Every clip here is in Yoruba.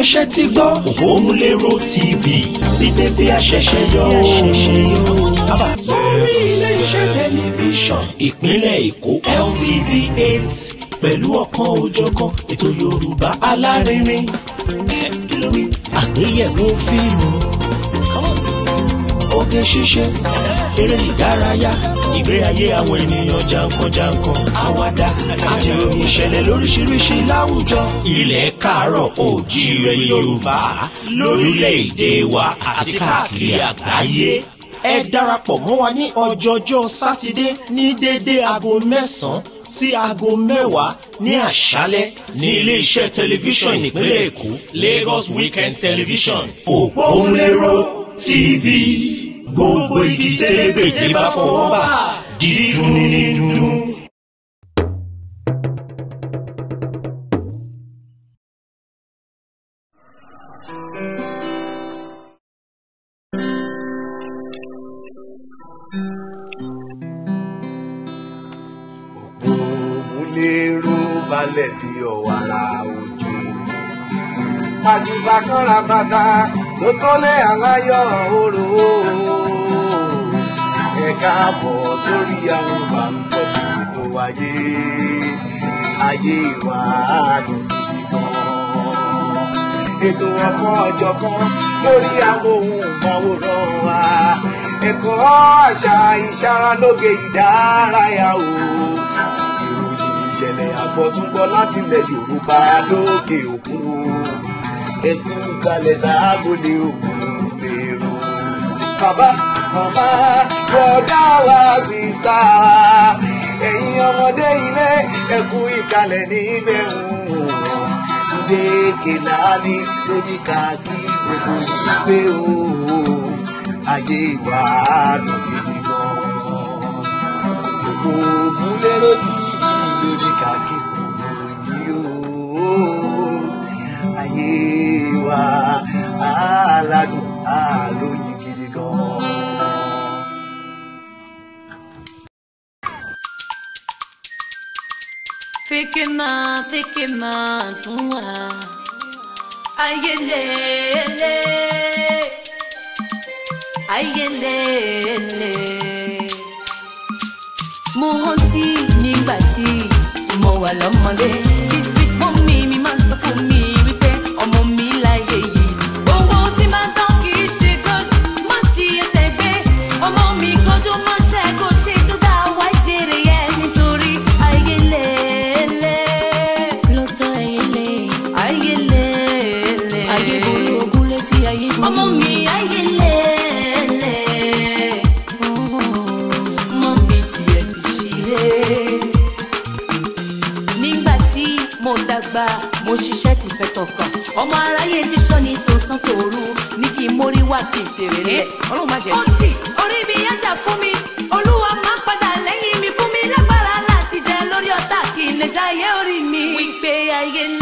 tó ṣe ti gbọ́. òpómúléró tv ti débi àṣẹ̀ṣẹ̀ yọ. sórí ilé iṣẹ́ tẹlifíṣàn ìpínlẹ̀ èkó LTV eight pẹ̀lú ọ̀kan òjọ̀kan ètò yorùbá alárinrin àgbéyẹ̀wò fíìmù oge ṣíṣe eré ìdárayá ìgbé ayé àwọn ènìyàn jankan-jankan àwàdà àti ìròyìn ìṣẹ̀lẹ̀ lóríṣiríṣi láwùjọ. ilẹ̀ káàárọ̀ oòjíire yorùbá lórílẹ̀‐èdè wa àti káàkiri àgbáyé ẹ darapọ̀ mọ́ wa ní ọjọ́jọ́ sátidé ní dédé aago mẹ́sàn-án sí aago mẹ́wàá ní àṣálẹ́ ní iléeṣẹ́ tẹlifíṣàn ìpínlẹ̀ èkó Lagos Weekend Television òpómúléró TV gbogbo igi télégbèdé bá fọwọ́ bà dídùn ní dùn. balẹ̀ bí ọ̀wàrà òjò. Àjùbà kọ́ra bàtà tó tọ́lé aláyọ̀ òrò káàbọ̀ sórí àwọn bàǹkọ́ ètò ayé ayé wa àdùn gidi gan. ètò ọ̀kan ọ̀jọ̀kan lórí àwọn ohun ìmọ̀wòrán wa ẹ̀kọ́ àṣà ìṣaralóge ìdárayá o ìròyìn ìṣẹ̀lẹ̀ àbọ̀túngbọ̀ látilẹ̀ Yorùbá lókè òkun ẹ̀kú kalẹ̀ sáà gbolé òkun lérò bàbá bọ̀dá wa sísá ẹ̀yin ọmọdé ilé ẹ̀kú ìkàlẹ̀ níbẹ̀ ń Túndé Kèlání lóní kàkí gbogbo ìgbé o ayé ìwà àdùn gidi gan gbogbo ògúnlérò tí lóní kàkí gbogbo yìí o ayé ìwà aládùn àlóyè. Fikima, fikima, tuwa Ayelele Ayelele Mo rántí nígbà tí mo wà lọ́mọdé Kìsì pọ́n mi, mi máa wípé ayé ní.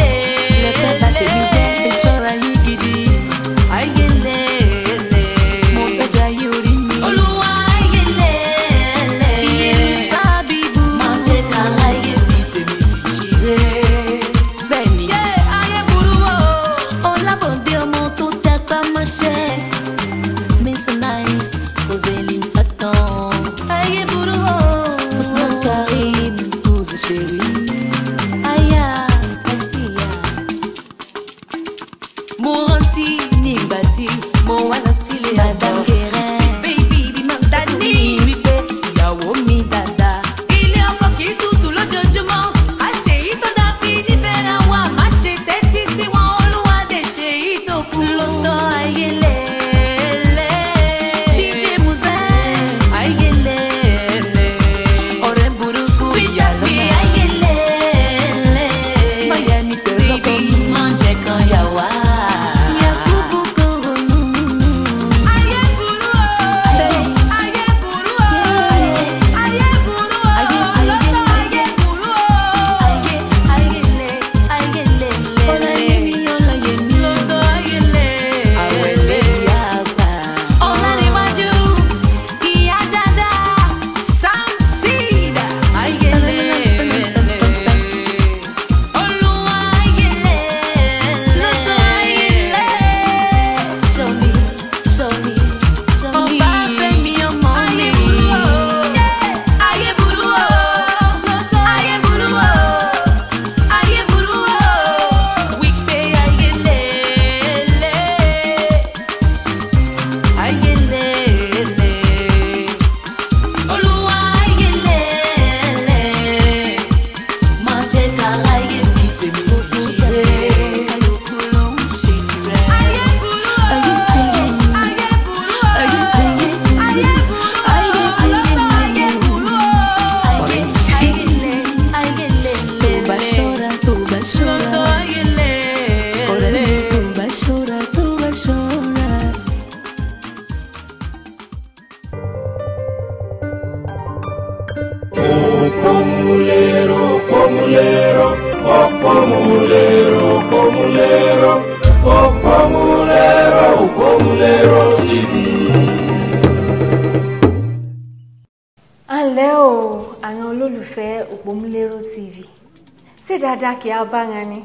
dáadáa kì á bára ni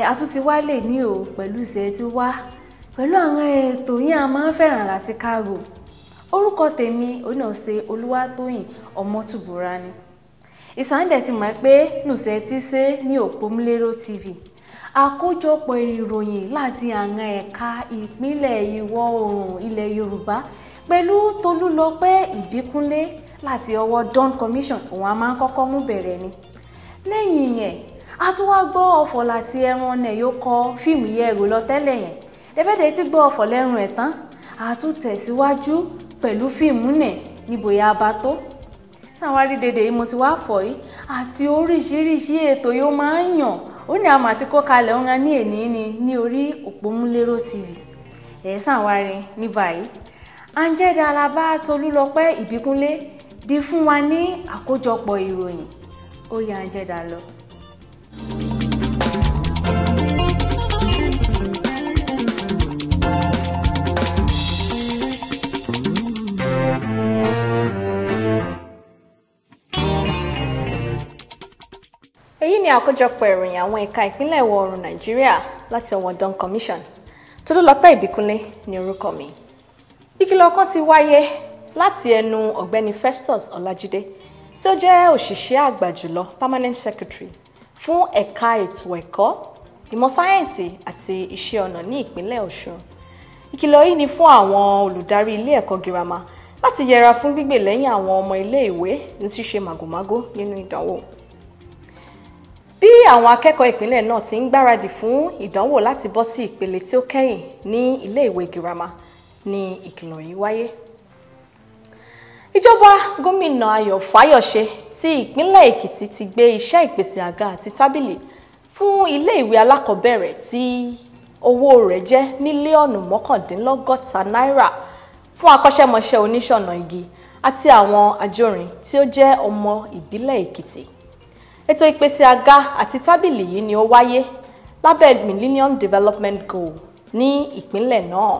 àtúntí wá lè ní o pẹ̀lú ìṣẹ́ tí wá pẹ̀lú àwọn ètò yín a máa ń fẹ́ràn láti kárò orúkọ tèmi oníṣe olúwatóyìn ọmọtúbúra ni ìsàndẹ̀ ti mọ̀ pé nùṣẹ́ ti ṣe ní òpómúléró tv àkójọpọ̀ ìròyìn láti àwọn ẹ̀ka ìpínlẹ̀ ìwọ̀ oòrùn ilẹ̀ yorùbá pẹ̀lú tolúlọpẹ́ ìbíkúnlé láti ọwọ́ Dawn Commission òun a máa ń kọ́kọ́ mú bẹ̀rẹ̀ ni lẹ́yìn yẹn a tún wá gbọ́ ọ̀fọ̀ láti ẹran ẹ̀ yóò kọ fíìmù yẹ èrò lọ tẹ́lẹ̀ yẹn lẹ́bẹ̀dẹ̀ tí gbọ́ ọ̀fọ̀ lẹ́rùn ẹ̀ tán a tún tẹ̀síwájú pẹ̀lú fíìmù nẹ̀ níbòyá bá tó sáwọn arídèdè yìí mo ti wá fọ̀ yìí àti oríṣiríṣi ètò yóò máa ń yàn ó ní àmà tí kò kalẹ̀ ń ran ní èní ni ní orí òpómúléró tv ẹ̀ sáwọn arin ní báyìí Anjẹ́dẹ́ Alábá Tolúlọpẹ́ Ìbíkúnlé di fún wa ní àkójọpọ̀ ìròyìn ó yà àjẹdà lọ. èyí ni àkójọpọ̀ ìròyìn àwọn ẹ̀ka ìpínlẹ̀ ìwọ̀ oòrùn nàìjíríà láti ọwọ́ Dawn Commission Tolúlọpẹ́ Ìbíkúnlé ni orúkọ mi ìkìlọ̀ kan ti wáyé láti ẹnu ọ̀gbẹ́ni Festus Ọlájídé tí ó jẹ́ òṣìṣẹ́ àgbà jùlọ permanent secretary fún ẹ̀ka ètò ẹ̀kọ́ ìmọ̀ sáyẹ́ǹsì àti iṣẹ́ ọnà ní ìpínlẹ̀ Ọ̀ṣun ìkìlọ̀ yìí ni fún àwọn olùdarí ilé ẹ̀kọ́ girama láti yẹra fún gbígbè lẹ́yìn àwọn ọmọ ilé ìwé ní ṣíṣe màgòmágó nínú ìdánwò bí àwọn akẹ́kọ̀ọ́ ìpínlẹ̀ náà ti ń gbáradì fún ìdánwò láti bọ́ sí ìpele tí ó kẹ́yìn ní ilé ìwé girama ni ìkìlọ̀ yìí wáyé ìjọba gómìnà ayọ̀ fáyọ̀ṣe ti ìpínlẹ̀ èkìtì ti gbé iṣẹ́ ìpèsè àga àti tábìlì fún ilé ìwé alákọ̀ọ́bẹ̀rẹ̀ tí owó rẹ̀ jẹ́ mílíọ̀nù mọ́kàndínlọ́gọ́ta náírà fún akọ́ṣẹ́mọṣẹ́ oníṣọ̀nà igi àti àwọn ajórin tí ó jẹ́ ọmọ ìbílẹ̀ èkìtì ètò ìpèsè àga àti tábìlì yìí ni ó wáyé lábẹ́ millennium development goal ní ìpínlẹ̀ náà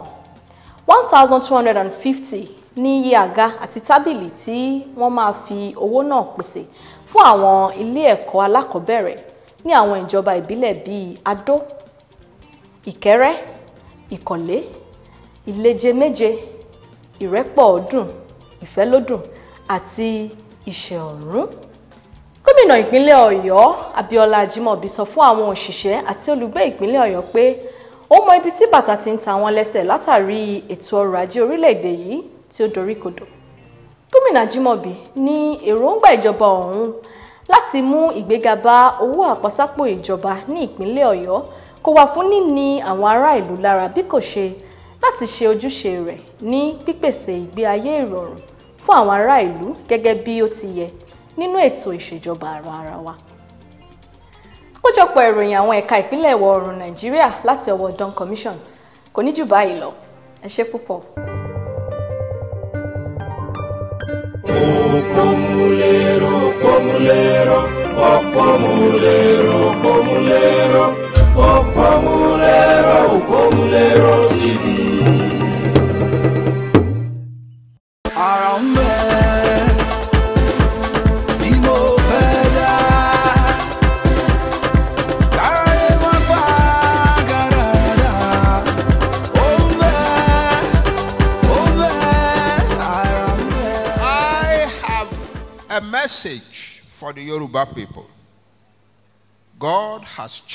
one thousand two hundred and fifty ní iye àga àti tábìlì tí wọ́n máa fi owó náà pèsè fún àwọn ilé ẹ̀kọ́ alákọ̀ọ́bẹ̀rẹ̀ ní àwọn ìjọba ìbílẹ̀ bíi Adó Ìkẹ́rẹ́ Ìkọ̀lé Ìleje méje Ìrẹ́pọ̀ ọdún Ìfẹ́lódùn àti Ìṣẹ̀ọ̀rún gómìnà ìpínlẹ̀ Ọ̀yọ́ Abíọ́lá Ajímọ̀bí sọ fún àwọn òṣìṣẹ́ àti olùgbé ìpínlẹ̀ Ọ̀yọ́ pé ó mọ ibi tí bàtà ti ń ta wọ́n lẹ́sẹ̀ látàrí ètò ọrọ̀ ajé orílẹ̀-èdè yìí tí ó dorí kodò. gómìnà Jimobi ní èròǹgbà ìjọba ọ̀hún láti mú ìgbéga bá owó àpọ́sápò ìjọba ní ìpínlẹ̀ Ọ̀yọ́ kò wà fún níní àwọn ará ìlú lára bí kò ṣe láti ṣe ojúṣe rẹ̀ ní pípèsè ìgbé ayé ìrọ̀rùn fún àwọn ará ìlú gẹ́gẹ́ bí ó ti yẹ nínú ètò ìṣèjọba àwa ara wa. kójọpọ̀ ìròyìn àwọn ẹ̀ka ìpínlẹ̀ ìwọ̀ oòrùn Nàìjíríà láti ọwọ́ Dawn Commission kò ní jù báyìí lọ ẹ ṣé púpọ̀. pomulero, pomulero, oh pomulero, pomulero, oh pomulero, pomulero.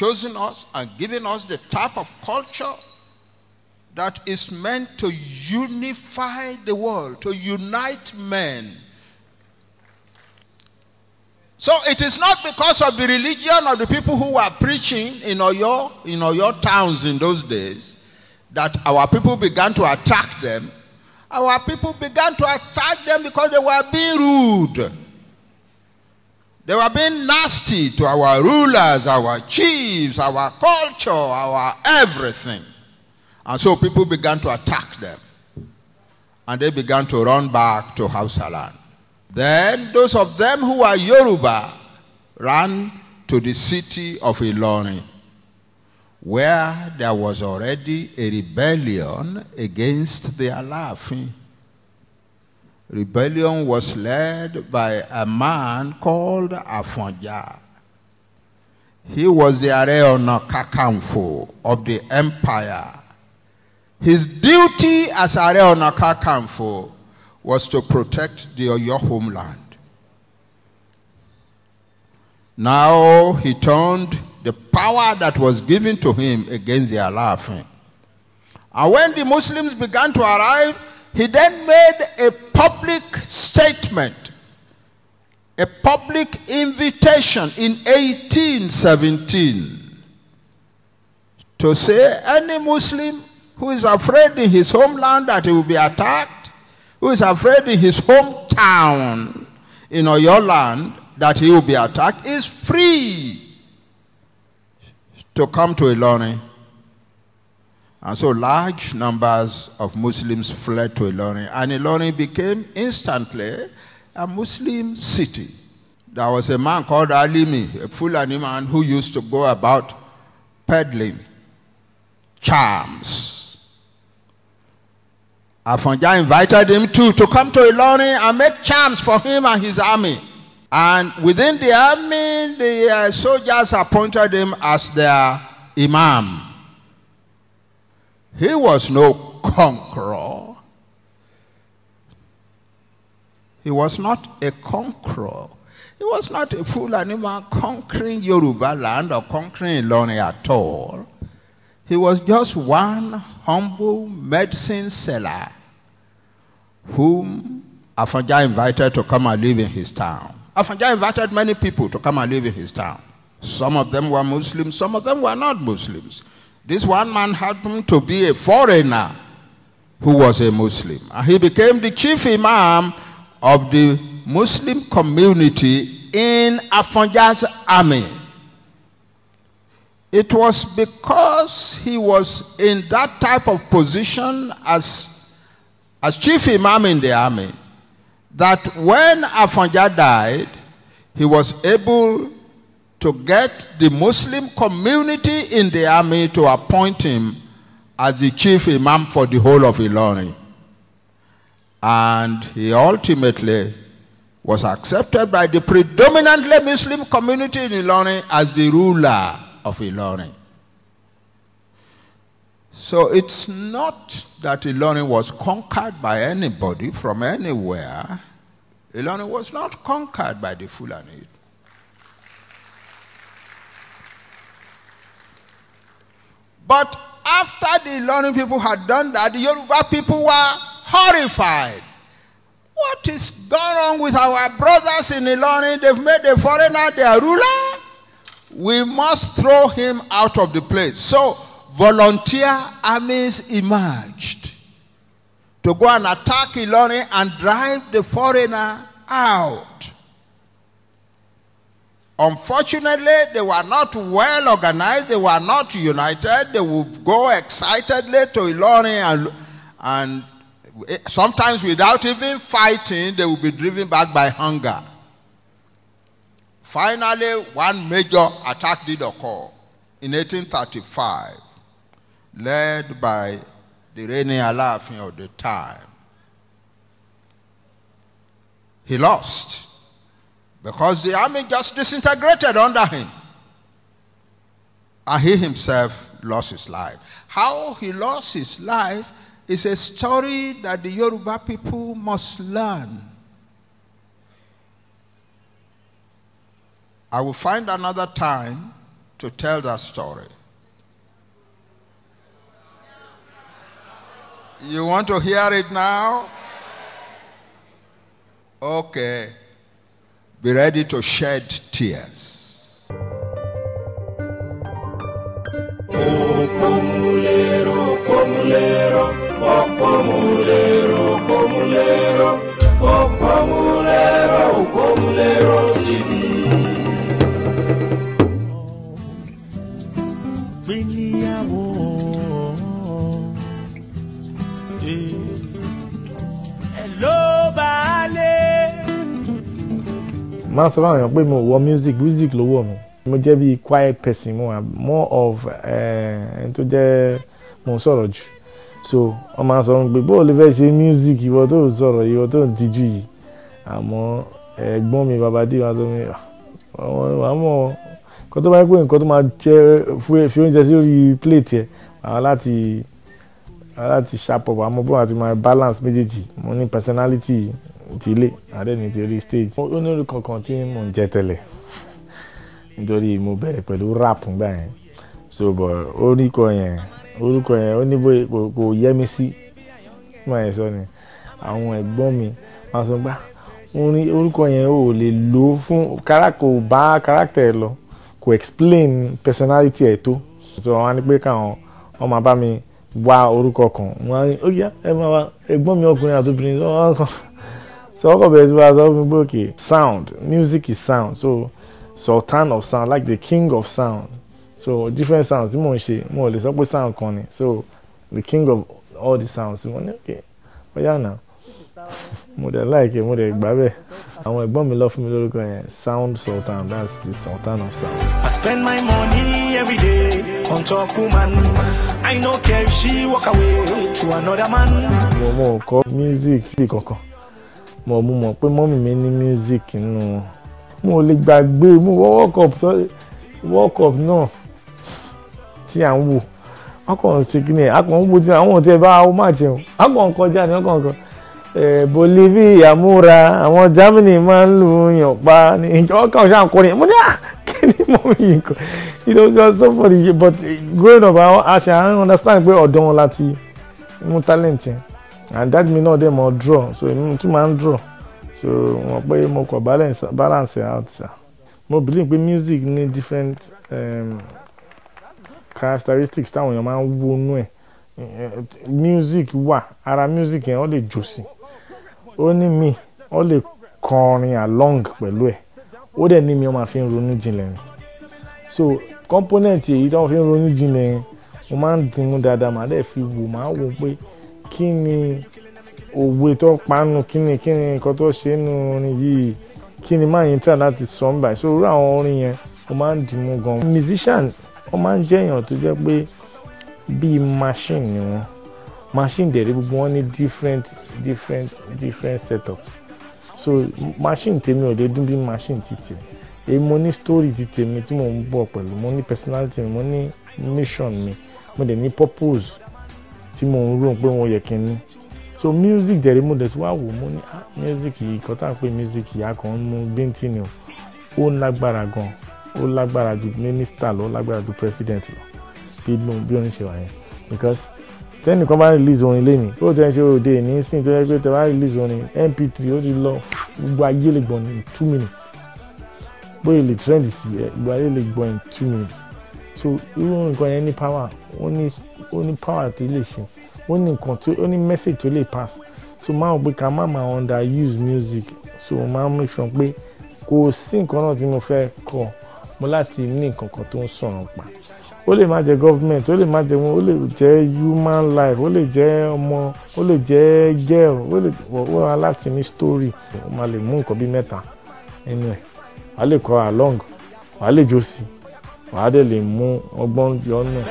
chosen us and given us the type of culture that is meant to unify the world, to unite men. So it is not because of the religion of the people who were preaching in Oyo, in Oyo towns in those days that our people began to attack them. Our people began to attack them because they were being rude. They were being nasty to our rulers, our chiefs, our culture, our everything. And so people began to attack them. And they began to run back to Hausaland. Then those of them who were Yoruba ran to the city of Ilorin, where there was already a rebellion against the Alaafin rebellion was led by a man called Afonja. He was the Areona Kakamfo of the empire. His duty as Areona Kakamfo was to protect the, your homeland. Now he turned the power that was given to him against the Alafin. And when the Muslims began to arrive, he then made a public statement, a public invitation in 1817 to say any Muslim who is afraid in his homeland that he will be attacked, who is afraid in his hometown, in your land, that he will be attacked, is free to come to Ilani and so large numbers of Muslims fled to Ilorin, and Ilorin became instantly a Muslim city. There was a man called Alimi, a Fulani man who used to go about peddling charms. Afanja invited him too to come to Ilorin and make charms for him and his army. And within the army, the uh, soldiers appointed him as their imam. He was no conqueror. He was not a conqueror. He was not a fool animal conquering Yoruba land or conquering Ilorin at all. He was just one humble medicine seller whom Afanja invited to come and live in his town. Afanja invited many people to come and live in his town. Some of them were Muslims, some of them were not Muslims. This one man happened to be a foreigner who was a Muslim. And he became the chief imam of the Muslim community in Afanja's army. It was because he was in that type of position as, as chief imam in the army that when Afanja died, he was able to get the Muslim community in the army to appoint him as the chief imam for the whole of Ilani. And he ultimately was accepted by the predominantly Muslim community in Ilani as the ruler of Ilani. So it's not that Ilani was conquered by anybody from anywhere. Ilani was not conquered by the Fulani. But after the Ilorin people had done that, the Yoruba people were horrified. What is gone wrong with our brothers in Ilorin? They've made a foreigner their ruler. We must throw him out of the place. So, volunteer armies emerged to go and attack Ilorin and drive the foreigner out. Unfortunately, they were not well organized, they were not united, they would go excitedly to Ilorin and, and sometimes without even fighting, they would be driven back by hunger. Finally, one major attack did occur in 1835, led by the reigning Alaafin of the time. He lost because the army just disintegrated under him. And he himself lost his life. How he lost his life is a story that the Yoruba people must learn. I will find another time to tell that story. You want to hear it now? Okay. Be ready to shed tears. Oh, máa sọ fáwọn èèyàn pé mi wọ music music ló wọ̀ mi mo jẹ́ bí quiet person mo more of eh, ẹni tó jẹ́ mo sọ̀rọ̀ jù so wọ́n máa sọ pé bó o lè fẹ́ ṣe music ìwọ tó ń sọ̀rọ̀ ìwọ tó ń tijú yìí àmọ́ ẹ̀gbọ́n mi bàbá dé wàá sọ mi ah, àmọ́ nǹkan tó bá yẹ pé nǹkan tó máa jẹ fi oúnjẹ sórí plate yẹ àwọn láti láti ṣàpọ̀ àmọ́ bó àti máa balance méjèèjì mo ní personality ti ilé àdẹ́ni ti rí stage. ó ní orí kankan tí mò ń jẹ tẹ́lẹ̀ nítorí mo bẹ̀rẹ̀ pẹ̀lú rap gbà yẹn so but orúkọ yẹn orúkọ yẹn ó ní bó kò yẹ mi sí mọ̀ ẹ̀ sọ ni àwọn ẹ̀gbọ́n mi máa sọ gbà ah, orúkọ yẹn ò lè lò fún kò bá character lọ kò explain personality ẹ̀ tó so wọn á ní pé káwọn wọn máa bá mi wá orúkọ kan wọn á ní ó yá ẹ máa wá ẹ̀gbọ́n mi ọkùnrin àti obìnrin wọn so ọkọ bẹ̀rẹ̀ sí wàá sọ okay sound music is sound so sultan of sound like the king of sound so different sounds tí mò ń ṣe mo lè sọ pé sound kan ni so the king of all the sounds mo ní okay bóyá náà mo dẹ̀ láìké mo dẹ̀ gbà bẹ́ẹ̀ àwọn ẹ̀gbọ́n mi lọ fún mi lórúkọ yẹn sound sultan that's the sultan of sound. I spend my money every day on top woman I no care if she walk away to another man. mo mọ ọkọ music kankan mọ̀ mo mọ̀ pé mọ́mì mi ní music nínú wọn mo lè gbàgbé mo wọ world cup world cup náà tí à ń wò a kàn sí kíni a kàn ń wo tí àwọn òtí ẹ bá ó má jẹun a kàn kọjá ni a kàn kàn Bolivia múra àwọn Germany máa ń lu yàn pa ni ìjọba kan ṣáà kọrin mo ní à ah, kíni mọ́mì yìí kọ you know just somebody but growing up a ṣe à ń understand pé ọ̀dọ́ wọn láti mú talent yẹn and that mean all dẹ̀ mọ̀ draw so èmi tún máa ń draw so wọ́n pé mo ko balance balance out sa mo believe pé music ní different um, characteristics táwọn èèyàn máa ń wọnú ẹ̀ music wà ara music yẹn ó lè jò sí ó ní mi ó lè kọrin along pẹ̀lú ẹ̀ ó dẹ̀ ní mi ó máa fi ń ronú jinlẹ̀ ni so component èyí tí wọ́n fi ń ronú jinlẹ̀ yẹn mo máa ń dùnnú dáadáa màá dẹ̀ fi wò màá wò pé kí ni òwe tó ń panu kí ni kí ni nǹkan tó ṣe nínú orin yìí kí ni máa yín tà láti sọ ń báyìí so irú àwọn orin yẹn ó máa ń dìmú gan. musician wọ́n máa ń jẹ́ èèyàn tó jẹ́ pé bíi machine ni wọ́n machine dẹ̀rẹ́ gbogbo wọn ní different different different setup so machine tèmi ò lè dún bí machine títì èyí mo ní story ti tèmi tí mò ń bọ̀ pẹ̀lú mo ní personality mi mo ní mission mi mo dẹ̀ ní purpose tí mò ń rò pé wọn yẹ kí n ní so music dẹ̀rẹ̀ mo dẹ̀ tí wò mo ní ah music yìí kan tá à ń pè music yìí a kàn ń mú bíntín ni o ó lágbára gan ó lágbára ju mínísítà lọ ó lágbára ju president lọ bí mo bí ó ṣe wà yẹn because tẹ́nìkan bá release orin lẹ́nu ó tẹ́ ṣe òde ní sin tó yẹ pé tẹ́ bá release orin mp3 ó ti lọ gbogbo ayé lè gbọ́ ní two minutes bóyá lè trend sí ẹ gbogbo ayé lè gbọ́ ní two minutes so irú nǹkan yẹn ní power ó ní ó ní power tó lè ṣe ó ní nǹkan tó ó ní message tó lè pass so máa gbé ká má máa underuse music so máa make sure pé kò sí nǹkan náà tí mo fẹ́ kọ mo láti ní nǹkan kan tó ń sọ̀rọ̀ pa ó lè má jẹ́ government ó lè má jẹ́ wọn ó lè jẹ́ human life ó lè jẹ́ ọmọ ó lè jẹ́ girl ó lè wọ́n láti ní story ó máa lè mú nǹkan bí mẹ́ta nínú ẹ̀ wàá lè kọ along wàá lè jó sí i wàá dẹ̀ lè mú ọgbọ́n yọ náà.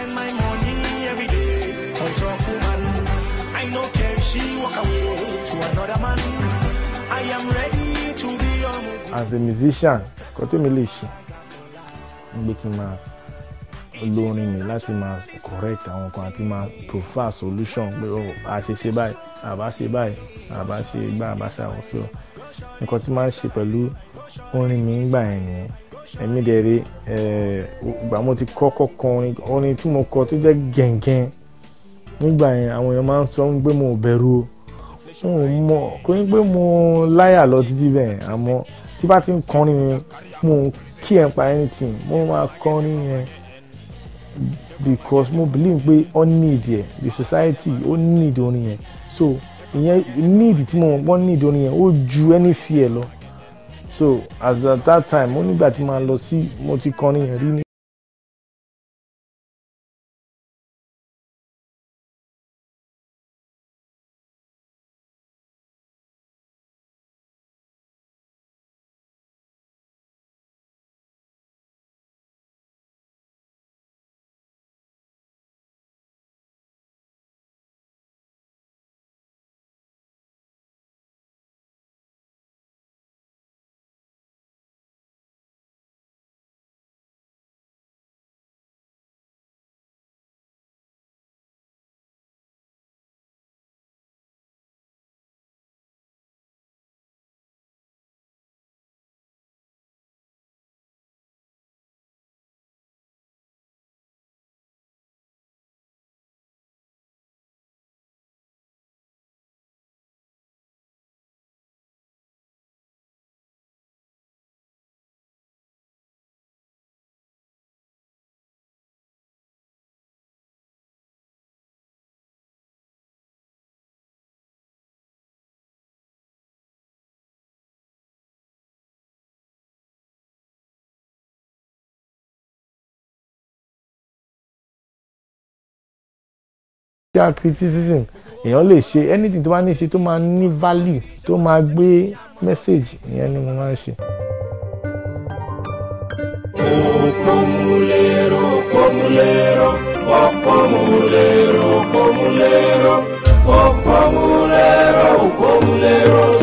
as a musician kò tí mi lè ṣe ń gbé kí n máa lórin mi láti máa correct àwọn kan àti máa prefer solution pé ó oh, àṣeṣe báyìí àbá ṣe báyìí àbá ṣe gbá àbá ṣe àwọn So, ọ nǹkan tí máa ń ṣe pẹ̀lú orin mi ń gbà yẹn nìyẹn èmi dẹ̀ rí ìgbà mo ti kọ́kọ́ kọrin orin tí mo kọ tó jẹ́ gẹ̀ǹgẹ̀ǹ nígbà yẹn àwọn èèyàn máa ń sọ pé mo ò bẹ̀rù o mo mọ kò ní pé mo láyà lọ títí bẹ́ẹ̀ àmọ́ tí bá ti ń kọrin yẹn mo kí ẹ̀ pa anything mo máa kọrin yẹn because mo believe pé ó need yẹn the society ó need orin yẹn so ìyẹn need tí mo wọ́n need orin yẹn ó ju any fear lọ so as at that time mo nígbà tí màá lọ sí mo ti kọrin yẹn rí ní. social criticism èèyàn lè ṣe anything tó bá ní ṣe tó máa ní value tó máa gbé message ìyẹn ni mo máa ń ṣe. Òpómúléró Òpómúléró Òpómúléró Òpómúléró Òpómúléró Òpómúléró.